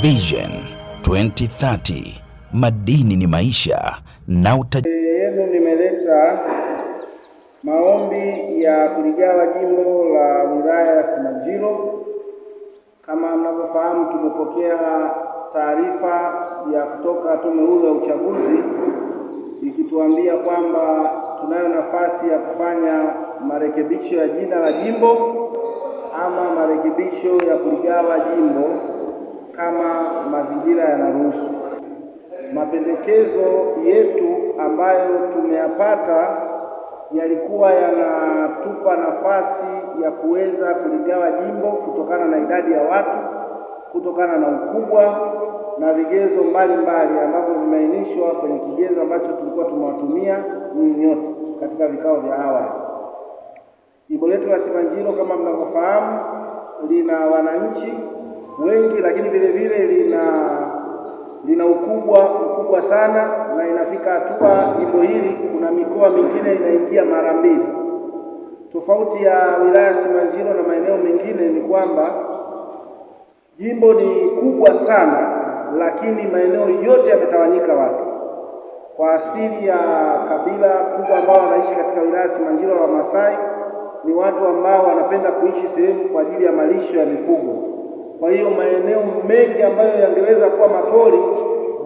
Vision 2030 madini ni maisha na utajiri yenu. Nimeleta maombi ya kuligawa jimbo la wilaya ya Simanjiro. Kama mnavyofahamu, tumepokea taarifa ya kutoka Tume Huru ya Uchaguzi ikituambia kwamba tunayo nafasi ya kufanya marekebisho ya jina la jimbo ama marekebisho ya kuligawa jimbo kama mazingira yanaruhusu. Mapendekezo yetu ambayo tumeyapata yalikuwa yanatupa nafasi ya kuweza kuligawa jimbo kutokana na idadi ya watu, kutokana na ukubwa na vigezo mbalimbali ambavyo vimeainishwa kwenye kigezo ambacho tulikuwa tumewatumia nyinyi nyote katika vikao vya awali. Jimbo letu la Simanjiro kama mnavyofahamu, lina wananchi wengi, lakini vile vile lina lina ukubwa ukubwa sana, na inafika hatua jimbo hili kuna mikoa mingine inaingia mara mbili. Tofauti ya wilaya Simanjiro na maeneo mengine ni kwamba jimbo ni kubwa sana, lakini maeneo yote yametawanyika watu kwa asili ya kabila kubwa ambao wanaishi katika wilaya Simanjiro wa Masai ni watu ambao wanapenda kuishi sehemu kwa ajili ya malisho ya mifugo. Kwa hiyo maeneo mengi ambayo yangeweza kuwa mapori,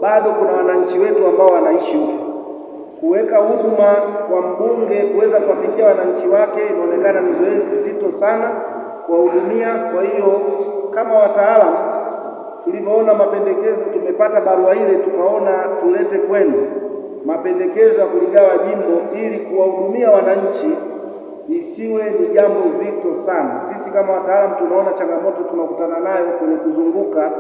bado kuna wananchi wetu ambao wanaishi huko. Kuweka huduma kwa mbunge kuweza kuwafikia wananchi wake inaonekana ni zoezi zito sana kuwahudumia. Kwa hiyo kama wataalamu tulivyoona mapendekezo, tumepata barua ile, tukaona tulete kwenu mapendekezo ya kuligawa jimbo ili kuwahudumia wananchi isiwe ni jambo zito sana. Sisi kama wataalamu tunaona changamoto tunakutana nayo kwenye kuzunguka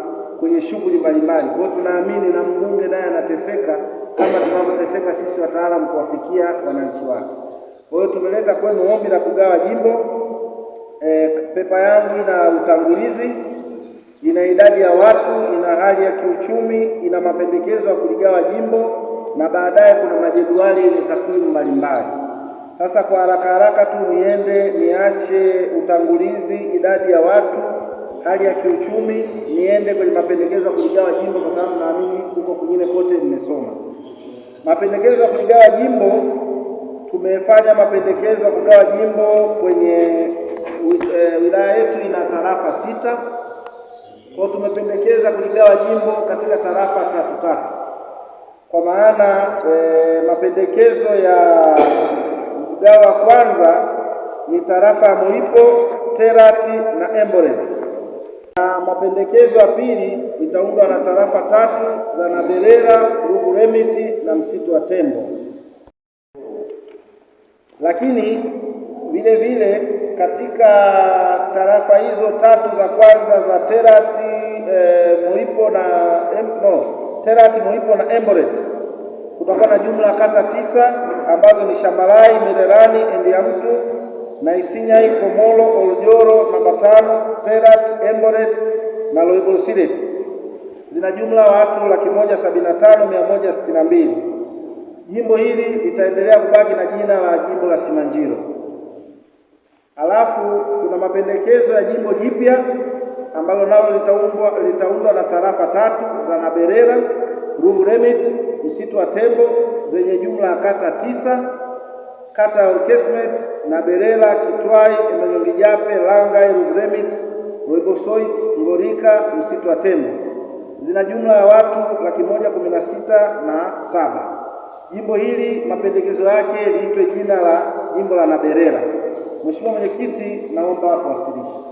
kwenye shughuli mbalimbali. Kwa hiyo tunaamini na mbunge naye anateseka kama tunavyoteseka sisi wataalamu kuwafikia wananchi wake. Kwa hiyo tumeleta kwenu ombi la kugawa jimbo e, pepa yangu na utangulizi ina idadi ya watu, ina hali ya kiuchumi, ina mapendekezo ya kuligawa jimbo na baadaye kuna majedwali yenye takwimu mbalimbali. Sasa kwa haraka haraka tu niende niache utangulizi, idadi ya watu, hali ya kiuchumi, niende kwenye mapendekezo ya kuligawa jimbo, kwa sababu naamini huko kwingine kote nimesoma mapendekezo ya kuligawa jimbo. Tumefanya mapendekezo ya kugawa jimbo kwenye wilaya eh, wilaya yetu ina tarafa sita, kwa tumependekeza kuligawa jimbo katika tarafa tatu tatu, kwa maana e, mapendekezo ya mgawa wa kwanza ni tarafa ya Moipo, Terati na Emboret, na mapendekezo ya pili itaundwa na tarafa tatu za Naberera, Rugu Remiti na msitu wa Tembo. Lakini vile vile katika tarafa hizo tatu za kwanza za Terati e, eh, Moipo na no, Terati Mwipo na Emboret kutakuwa na jumla ya kata tisa ambazo ni Shambalai, Mererani, mtu Naisinyai, Komolo, Oljoro, Mabatano, Terat, Emboret na Loibosiret zina jumla watu laki moja sabini na tano mia moja sitini na mbili. Jimbo hili litaendelea kubaki na jina la jimbo la Simanjiro. Halafu kuna mapendekezo ya jimbo jipya ambalo nalo litaundwa litaundwa na tarafa tatu za Naberera Rungu Remit, msitu wa Tembo zenye jumla ya kata tisa, kata ya Orkesmet na Berela, Kitwai, Emelongijape, Langai, Rungu Remit, Roibosoit, Ngorika, msitu wa Tembo zina jumla ya watu laki moja kumi na sita na saba. Jimbo hili mapendekezo yake liitwe jina la jimbo la Naberera. Mheshimiwa Mwenyekiti, naomba kuwasilisha.